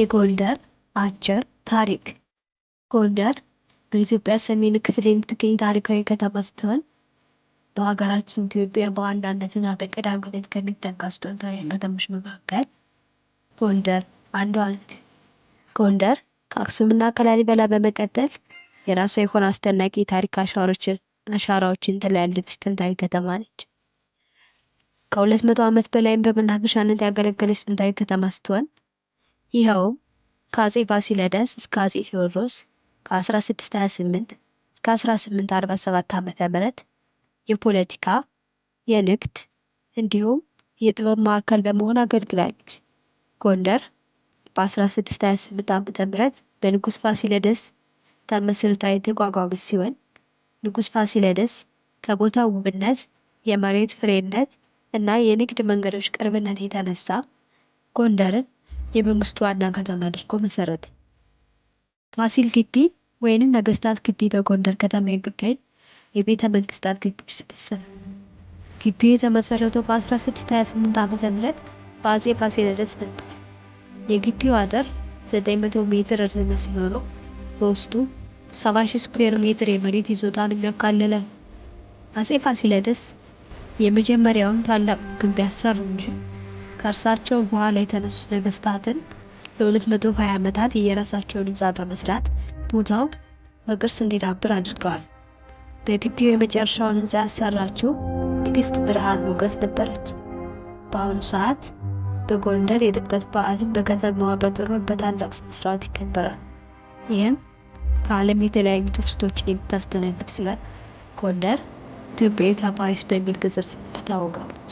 የጎንደር አጭር ታሪክ ጎንደር በኢትዮጵያ ሰሜን ክፍል የምትገኝ ታሪካዊ ከተማ ስትሆን በሀገራችን ኢትዮጵያ በዋናነትና በቀዳሚነት ከሚጠቀሱ ጥንታዊ ከተሞች መካከል ጎንደር አንዷ ናት። ጎንደር ከአክሱምና ከላሊበላ በመቀጠል የራሷ የሆነ አስደናቂ የታሪክ አሻራዎችን ትላለች ጥንታዊ ከተማ ነች። ከሁለት መቶ ዓመት በላይም በመናገሻነት ያገለገለች ጥንታዊ ከተማ ስትሆን ይኸውም ከአጼ ቫሲለደስ እስከ አጼ ቴዎድሮስ ከ1628 እስከ 1847 ዓ ም የፖለቲካ፣ የንግድ እንዲሁም የጥበብ ማዕከል በመሆን አገልግላለች። ጎንደር በ1628 ዓ ም በንጉሥ ፋሲለደስ ተመስርታ የተቋቋመች ሲሆን ንጉሥ ፋሲለደስ ከቦታው ውብነት፣ የመሬት ፍሬነት እና የንግድ መንገዶች ቅርብነት የተነሳ ጎንደርን የመንግስቱ ዋና ከተማ አድርጎ መሰረተ። ፋሲል ግቢ ወይንም ነገስታት ግቢ በጎንደር ከተማ የሚገኝ የቤተ መንግስታት ግቢ ስብስብ። ግቢው የተመሰረተው በ1628 ዓመተ ምህረት በአጼ ፋሲለደስ ነበር። የግቢው አጥር 900 ሜትር ርዝመት ሲኖረው በውስጡ 70 ስኩዌር ሜትር የመሬት ይዞታን የሚያካልል አጼ ፋሲለደስ የመጀመሪያውን ታላቅ ግንብ ያሰሩ እንጂ ከእርሳቸው በኋላ የተነሱ ነገስታትን ለ220 ዓመታት የየራሳቸውን ሕንፃ በመስራት ቦታው በቅርስ እንዲዳብር አድርገዋል። በግቢው የመጨረሻውን ህንፃ ያሰራችው ንግስት ብርሃን ሞገስ ነበረች። በአሁኑ ሰዓት በጎንደር የጥምቀት በዓልን በከተማዋ በጥሮን በታላቅ ስነስርዓት ይከበራል። ይህም ከዓለም የተለያዩ ቱሪስቶችን የምታስተናግድ ሲሆን ጎንደር ኢትዮጵያዊ ፓሪስ በሚል ግዝር ስም ትታወቃለች።